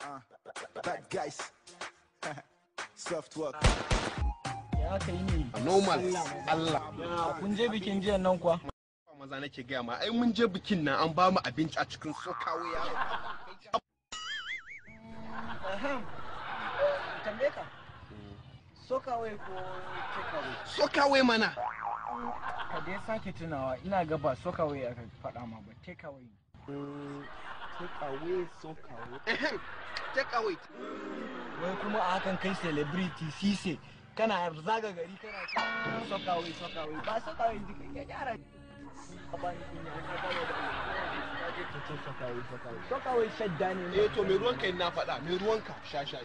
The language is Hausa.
Uh, bad guys. Soft work. Ya aka yi ne. Normal. Allah. kun je bikin jiya nan kuwa. Maza nake gaya ma, ai mun je bikin nan an ba mu abinci a cikin so kawo yaro. Eh, tambaye ka. Sokawai ko takeaway? Sokawai mana. Ka dai sake tunawa ina ga ba sokawai aka faɗa ma ba takeaway. Eh, take away take away wai kuma a hakan kai celebrity sise kana zaga gari kana soka away soka away ba soka away ji kai gyara soka away shadda ne eh to me ruwanka na faɗa me ruwanka sha sha